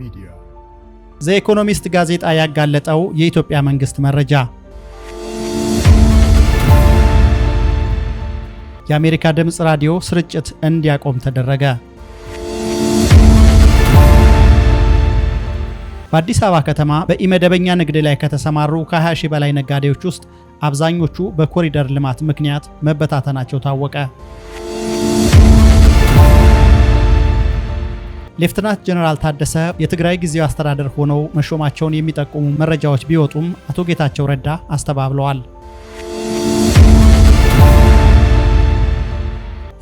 ሚዲያ ዘኢኮኖሚስት ጋዜጣ ያጋለጠው የኢትዮጵያ መንግስት መረጃ የአሜሪካ ድምፅ ራዲዮ ስርጭት እንዲያቆም ተደረገ። በአዲስ አበባ ከተማ በኢመደበኛ ንግድ ላይ ከተሰማሩ ከ20 ሺህ በላይ ነጋዴዎች ውስጥ አብዛኞቹ በኮሪደር ልማት ምክንያት መበታተናቸው ታወቀ። ሌፍትናት ጀነራል ታደሰ የትግራይ ጊዜያዊ አስተዳደር ሆነው መሾማቸውን የሚጠቁሙ መረጃዎች ቢወጡም አቶ ጌታቸው ረዳ አስተባብለዋል።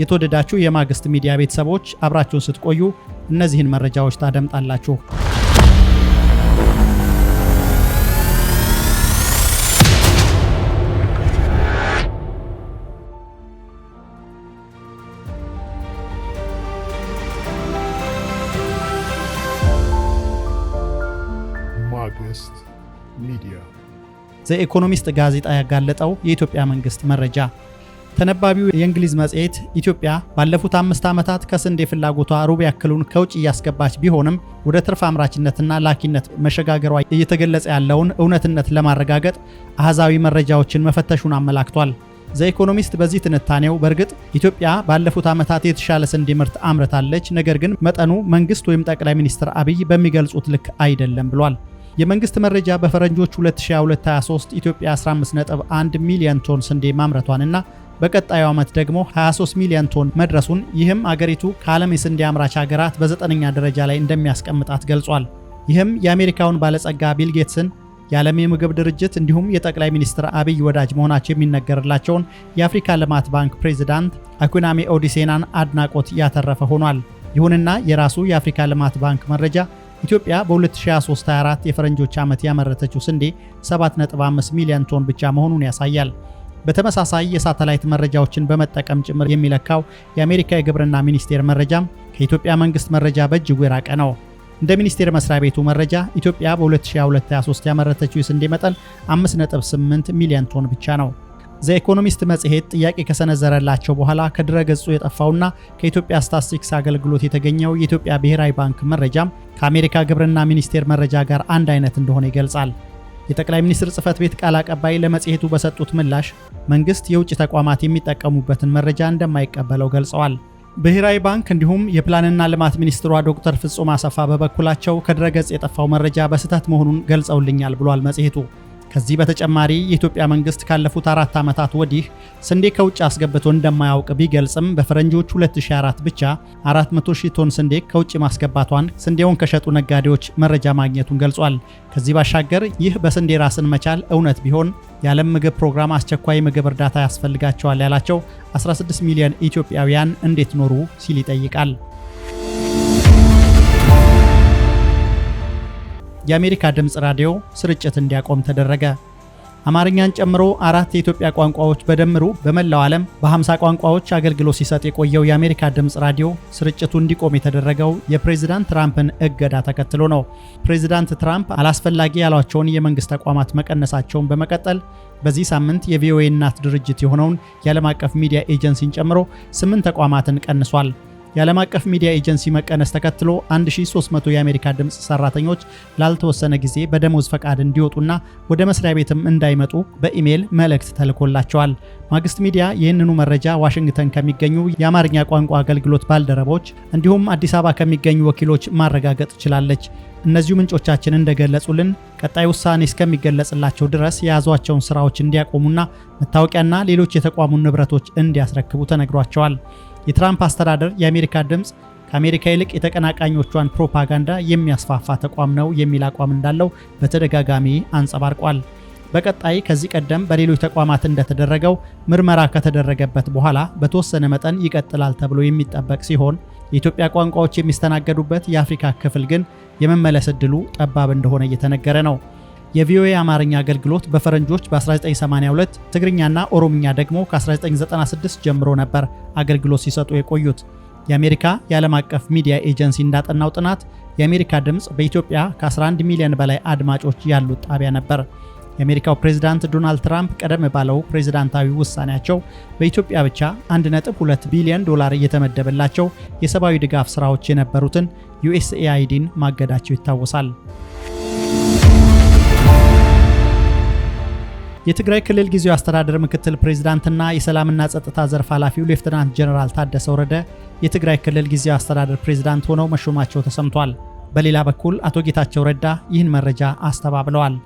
የተወደዳችሁ የማግስት ሚዲያ ቤተሰቦች አብራችሁን ስትቆዩ እነዚህን መረጃዎች ታደምጣላችሁ። ዘኢኮኖሚስት ጋዜጣ ያጋለጠው የኢትዮጵያ መንግስት መረጃ ተነባቢው የእንግሊዝ መጽሔት ኢትዮጵያ ባለፉት አምስት ዓመታት ከስንዴ ፍላጎቷ ሩብ ያክሉን ከውጭ እያስገባች ቢሆንም ወደ ትርፍ አምራችነትና ላኪነት መሸጋገሯ እየተገለጸ ያለውን እውነትነት ለማረጋገጥ አህዛዊ መረጃዎችን መፈተሹን አመላክቷል። ዘኢኮኖሚስት በዚህ ትንታኔው በእርግጥ ኢትዮጵያ ባለፉት ዓመታት የተሻለ ስንዴ ምርት አምርታለች፣ ነገር ግን መጠኑ መንግስት ወይም ጠቅላይ ሚኒስትር አብይ በሚገልጹት ልክ አይደለም ብሏል። የመንግስት መረጃ በፈረንጆች 2022/23 ኢትዮጵያ 15.1 ሚሊዮን ቶን ስንዴ ማምረቷንና በቀጣዩ ዓመት ደግሞ 23 ሚሊዮን ቶን መድረሱን ይህም አገሪቱ ከዓለም የስንዴ አምራች ሀገራት በዘጠነኛ ደረጃ ላይ እንደሚያስቀምጣት ገልጿል። ይህም የአሜሪካውን ባለጸጋ ቢል ጌትስን የዓለም የምግብ ድርጅት እንዲሁም የጠቅላይ ሚኒስትር አብይ ወዳጅ መሆናቸው የሚነገርላቸውን የአፍሪካ ልማት ባንክ ፕሬዚዳንት አኩናሜ ኦዲሴናን አድናቆት ያተረፈ ሆኗል። ይሁንና የራሱ የአፍሪካ ልማት ባንክ መረጃ ኢትዮጵያ በ2023/24 የፈረንጆች ዓመት ያመረተችው ስንዴ 7.5 ሚሊዮን ቶን ብቻ መሆኑን ያሳያል። በተመሳሳይ የሳተላይት መረጃዎችን በመጠቀም ጭምር የሚለካው የአሜሪካ የግብርና ሚኒስቴር መረጃም ከኢትዮጵያ መንግስት መረጃ በእጅጉ የራቀ ነው። እንደ ሚኒስቴር መስሪያ ቤቱ መረጃ ኢትዮጵያ በ 2023 ያመረተችው የስንዴ መጠን 5.8 ሚሊዮን ቶን ብቻ ነው። ዘኢኮኖሚስት መጽሔት ጥያቄ ከሰነዘረላቸው በኋላ ከድረ ገጹ የጠፋውና ከኢትዮጵያ ስታስቲክስ አገልግሎት የተገኘው የኢትዮጵያ ብሔራዊ ባንክ መረጃም ከአሜሪካ ግብርና ሚኒስቴር መረጃ ጋር አንድ አይነት እንደሆነ ይገልጻል። የጠቅላይ ሚኒስትር ጽህፈት ቤት ቃል አቀባይ ለመጽሔቱ በሰጡት ምላሽ መንግስት የውጭ ተቋማት የሚጠቀሙበትን መረጃ እንደማይቀበለው ገልጸዋል። ብሔራዊ ባንክ እንዲሁም የፕላንና ልማት ሚኒስትሯ ዶክተር ፍጹም አሰፋ በበኩላቸው ከድረገጽ የጠፋው መረጃ በስህተት መሆኑን ገልጸውልኛል ብሏል መጽሔቱ። ከዚህ በተጨማሪ የኢትዮጵያ መንግስት ካለፉት አራት ዓመታት ወዲህ ስንዴ ከውጭ አስገብቶ እንደማያውቅ ቢገልጽም በፈረንጆች 2024 ብቻ 400 ሺህ ቶን ስንዴ ከውጭ ማስገባቷን ስንዴውን ከሸጡ ነጋዴዎች መረጃ ማግኘቱን ገልጿል። ከዚህ ባሻገር ይህ በስንዴ ራስን መቻል እውነት ቢሆን የዓለም ምግብ ፕሮግራም አስቸኳይ ምግብ እርዳታ ያስፈልጋቸዋል ያላቸው 16 ሚሊዮን ኢትዮጵያውያን እንዴት ኖሩ ሲል ይጠይቃል። የአሜሪካ ድምፅ ራዲዮ ስርጭት እንዲያቆም ተደረገ። አማርኛን ጨምሮ አራት የኢትዮጵያ ቋንቋዎች በደምሩ በመላው ዓለም በ50 ቋንቋዎች አገልግሎት ሲሰጥ የቆየው የአሜሪካ ድምፅ ራዲዮ ስርጭቱ እንዲቆም የተደረገው የፕሬዚዳንት ትራምፕን እገዳ ተከትሎ ነው። ፕሬዚዳንት ትራምፕ አላስፈላጊ ያሏቸውን የመንግሥት ተቋማት መቀነሳቸውን በመቀጠል በዚህ ሳምንት የቪኦኤ እናት ድርጅት የሆነውን የዓለም አቀፍ ሚዲያ ኤጀንሲን ጨምሮ ስምንት ተቋማትን ቀንሷል። የዓለም አቀፍ ሚዲያ ኤጀንሲ መቀነስ ተከትሎ 1300 የአሜሪካ ድምፅ ሰራተኞች ላልተወሰነ ጊዜ በደሞዝ ፈቃድ እንዲወጡና ወደ መስሪያ ቤትም እንዳይመጡ በኢሜይል መልእክት ተልኮላቸዋል። ማግስት ሚዲያ ይህንኑ መረጃ ዋሽንግተን ከሚገኙ የአማርኛ ቋንቋ አገልግሎት ባልደረቦች እንዲሁም አዲስ አበባ ከሚገኙ ወኪሎች ማረጋገጥ ችላለች። እነዚሁ ምንጮቻችን እንደገለጹልን ቀጣይ ውሳኔ እስከሚገለጽላቸው ድረስ የያዟቸውን ስራዎች እንዲያቆሙና መታወቂያና ሌሎች የተቋሙን ንብረቶች እንዲያስረክቡ ተነግሯቸዋል። የትራምፕ አስተዳደር የአሜሪካ ድምፅ ከአሜሪካ ይልቅ የተቀናቃኞቿን ፕሮፓጋንዳ የሚያስፋፋ ተቋም ነው የሚል አቋም እንዳለው በተደጋጋሚ አንጸባርቋል። በቀጣይ ከዚህ ቀደም በሌሎች ተቋማት እንደተደረገው ምርመራ ከተደረገበት በኋላ በተወሰነ መጠን ይቀጥላል ተብሎ የሚጠበቅ ሲሆን የኢትዮጵያ ቋንቋዎች የሚስተናገዱበት የአፍሪካ ክፍል ግን የመመለስ ዕድሉ ጠባብ እንደሆነ እየተነገረ ነው። የቪኦኤ አማርኛ አገልግሎት በፈረንጆች በ1982 ትግርኛና ኦሮምኛ ደግሞ ከ1996 ጀምሮ ነበር አገልግሎት ሲሰጡ የቆዩት። የአሜሪካ የዓለም አቀፍ ሚዲያ ኤጀንሲ እንዳጠናው ጥናት የአሜሪካ ድምፅ በኢትዮጵያ ከ11 ሚሊዮን በላይ አድማጮች ያሉት ጣቢያ ነበር። የአሜሪካው ፕሬዝዳንት ዶናልድ ትራምፕ ቀደም ባለው ፕሬዝዳንታዊ ውሳኔያቸው በኢትዮጵያ ብቻ 1.2 ቢሊዮን ዶላር እየተመደበላቸው የሰብአዊ ድጋፍ ስራዎች የነበሩትን ዩኤስኤአይዲን ማገዳቸው ይታወሳል። የትግራይ ክልል ጊዜው አስተዳደር ምክትል ፕሬዚዳንትና የሰላምና ጸጥታ ዘርፍ ኃላፊው ሌፍትናንት ጀነራል ታደሰ ወረደ የትግራይ ክልል ጊዜው አስተዳደር ፕሬዚዳንት ሆነው መሾማቸው ተሰምቷል። በሌላ በኩል አቶ ጌታቸው ረዳ ይህን መረጃ አስተባብለዋል።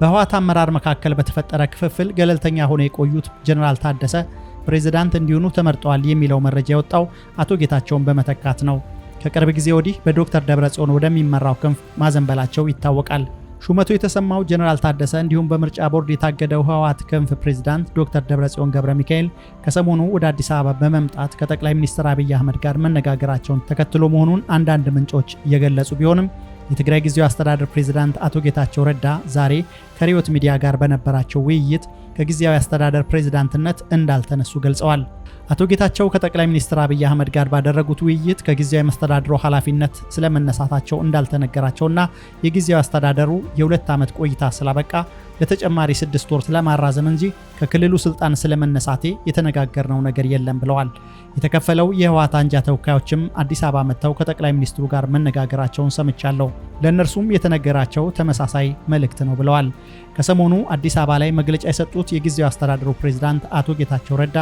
በህወሓት አመራር መካከል በተፈጠረ ክፍፍል ገለልተኛ ሆነው የቆዩት ጀነራል ታደሰ ፕሬዚዳንት እንዲሆኑ ተመርጠዋል የሚለው መረጃ የወጣው አቶ ጌታቸውን በመተካት ነው። ከቅርብ ጊዜ ወዲህ በዶክተር ደብረጽዮን ወደሚመራው ክንፍ ማዘንበላቸው ይታወቃል። ሹመቱ የተሰማው ጀነራል ታደሰ እንዲሁም በምርጫ ቦርድ የታገደው ህወሓት ክንፍ ፕሬዚዳንት ዶክተር ደብረጽዮን ገብረ ሚካኤል ከሰሞኑ ወደ አዲስ አበባ በመምጣት ከጠቅላይ ሚኒስትር አብይ አህመድ ጋር መነጋገራቸውን ተከትሎ መሆኑን አንዳንድ ምንጮች እየገለጹ ቢሆንም የትግራይ ጊዜያዊ አስተዳደር ፕሬዝዳንት አቶ ጌታቸው ረዳ ዛሬ ከሪዮት ሚዲያ ጋር በነበራቸው ውይይት ከጊዜያዊ አስተዳደር ፕሬዝዳንትነት እንዳልተነሱ ገልጸዋል። አቶ ጌታቸው ከጠቅላይ ሚኒስትር አብይ አህመድ ጋር ባደረጉት ውይይት ከጊዜያዊ መስተዳድሮ ኃላፊነት ስለመነሳታቸው እንዳልተነገራቸውና የጊዜያዊ አስተዳደሩ የሁለት ዓመት ቆይታ ስላበቃ ለተጨማሪ ስድስት ወር ስለማራዘም እንጂ ከክልሉ ስልጣን ስለመነሳቴ የተነጋገርነው ነገር የለም ብለዋል። የተከፈለው የህወሓት አንጃ ተወካዮችም አዲስ አበባ መጥተው ከጠቅላይ ሚኒስትሩ ጋር መነጋገራቸውን ሰምቻለሁ። ለእነርሱም የተነገራቸው ተመሳሳይ መልእክት ነው ብለዋል። ከሰሞኑ አዲስ አበባ ላይ መግለጫ የሰጡት የጊዜው አስተዳደሩ ፕሬዝዳንት አቶ ጌታቸው ረዳ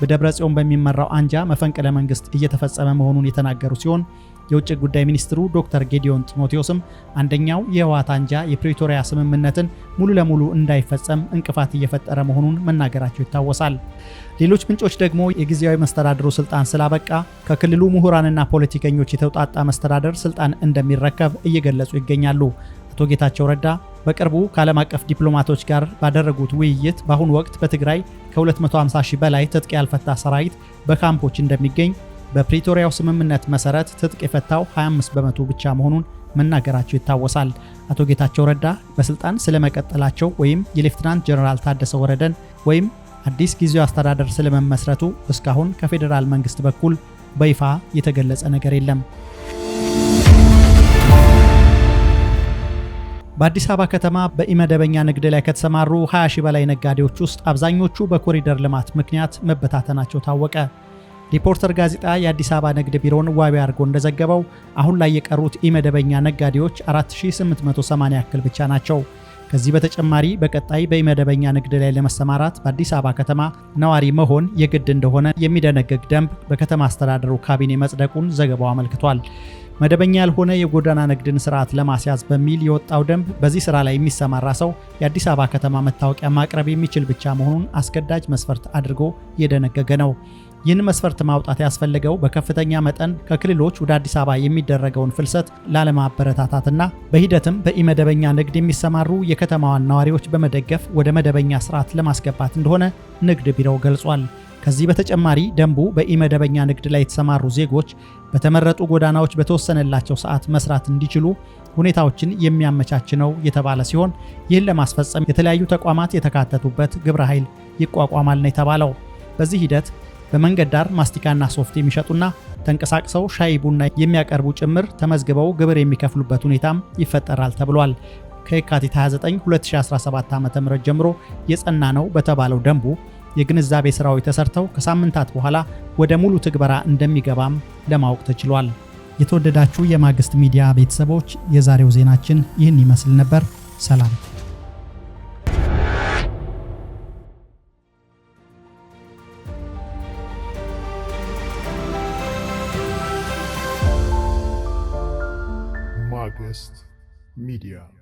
በደብረ ጽዮን በሚመራው አንጃ መፈንቅለ መንግስት እየተፈጸመ መሆኑን የተናገሩ ሲሆን የውጭ ጉዳይ ሚኒስትሩ ዶክተር ጌዲዮን ጢሞቴዎስም አንደኛው የህወሓት አንጃ የፕሪቶሪያ ስምምነትን ሙሉ ለሙሉ እንዳይፈጸም እንቅፋት እየፈጠረ መሆኑን መናገራቸው ይታወሳል። ሌሎች ምንጮች ደግሞ የጊዜያዊ መስተዳድሩ ስልጣን ስላበቃ ከክልሉ ምሁራንና ፖለቲከኞች የተውጣጣ መስተዳደር ስልጣን እንደሚረከብ እየገለጹ ይገኛሉ። አቶ ጌታቸው ረዳ በቅርቡ ከዓለም አቀፍ ዲፕሎማቶች ጋር ባደረጉት ውይይት በአሁኑ ወቅት በትግራይ ከ250 ሺህ በላይ ትጥቅ ያልፈታ ሰራዊት በካምፖች እንደሚገኝ በፕሪቶሪያው ስምምነት መሰረት ትጥቅ የፈታው 25 በመቶ ብቻ መሆኑን መናገራቸው ይታወሳል። አቶ ጌታቸው ረዳ በስልጣን ስለመቀጠላቸው ወይም የሌፍትናንት ጀነራል ታደሰ ወረደን ወይም አዲስ ጊዜው አስተዳደር ስለመመስረቱ እስካሁን ከፌዴራል መንግስት በኩል በይፋ የተገለጸ ነገር የለም። በአዲስ አበባ ከተማ በኢመደበኛ ንግድ ላይ ከተሰማሩ 20 ሺህ በላይ ነጋዴዎች ውስጥ አብዛኞቹ በኮሪደር ልማት ምክንያት መበታተናቸው ታወቀ። ሪፖርተር ጋዜጣ የአዲስ አበባ ንግድ ቢሮን ዋቢ አድርጎ እንደዘገበው አሁን ላይ የቀሩት ኢመደበኛ ነጋዴዎች 4880 ያክል ብቻ ናቸው። ከዚህ በተጨማሪ በቀጣይ በኢመደበኛ ንግድ ላይ ለመሰማራት በአዲስ አበባ ከተማ ነዋሪ መሆን የግድ እንደሆነ የሚደነግግ ደንብ በከተማ አስተዳደሩ ካቢኔ መጽደቁን ዘገባው አመልክቷል። መደበኛ ያልሆነ የጎዳና ንግድን ስርዓት ለማስያዝ በሚል የወጣው ደንብ በዚህ ስራ ላይ የሚሰማራ ሰው የአዲስ አበባ ከተማ መታወቂያ ማቅረብ የሚችል ብቻ መሆኑን አስገዳጅ መስፈርት አድርጎ እየደነገገ ነው። ይህን መስፈርት ማውጣት ያስፈለገው በከፍተኛ መጠን ከክልሎች ወደ አዲስ አበባ የሚደረገውን ፍልሰት ላለማበረታታትና በሂደትም በኢመደበኛ ንግድ የሚሰማሩ የከተማዋን ነዋሪዎች በመደገፍ ወደ መደበኛ ስርዓት ለማስገባት እንደሆነ ንግድ ቢሮው ገልጿል። ከዚህ በተጨማሪ ደንቡ በኢመደበኛ ንግድ ላይ የተሰማሩ ዜጎች በተመረጡ ጎዳናዎች በተወሰነላቸው ሰዓት መስራት እንዲችሉ ሁኔታዎችን የሚያመቻች ነው የተባለ ሲሆን ይህን ለማስፈጸም የተለያዩ ተቋማት የተካተቱበት ግብረ ኃይል ይቋቋማል ነው የተባለው። በዚህ ሂደት በመንገድ ዳር ማስቲካና ሶፍት የሚሸጡና ተንቀሳቅሰው ሻይ ቡና የሚያቀርቡ ጭምር ተመዝግበው ግብር የሚከፍሉበት ሁኔታም ይፈጠራል ተብሏል። ከየካቲት 29 2017 ዓ.ም ጀምሮ የጸና ነው በተባለው ደንቡ የግንዛቤ ስራዎች ተሰርተው ከሳምንታት በኋላ ወደ ሙሉ ትግበራ እንደሚገባም ለማወቅ ተችሏል። የተወደዳችሁ የማግስት ሚዲያ ቤተሰቦች የዛሬው ዜናችን ይህን ይመስል ነበር። ሰላም ማግስት ሚዲያ